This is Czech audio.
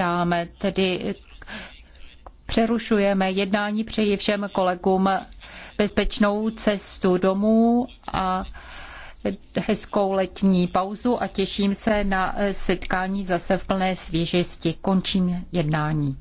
Dáme tedy přerušujeme jednání, přeji všem kolegům bezpečnou cestu domů a hezkou letní pauzu a těším se na setkání zase v plné svěžesti. Končím jednání.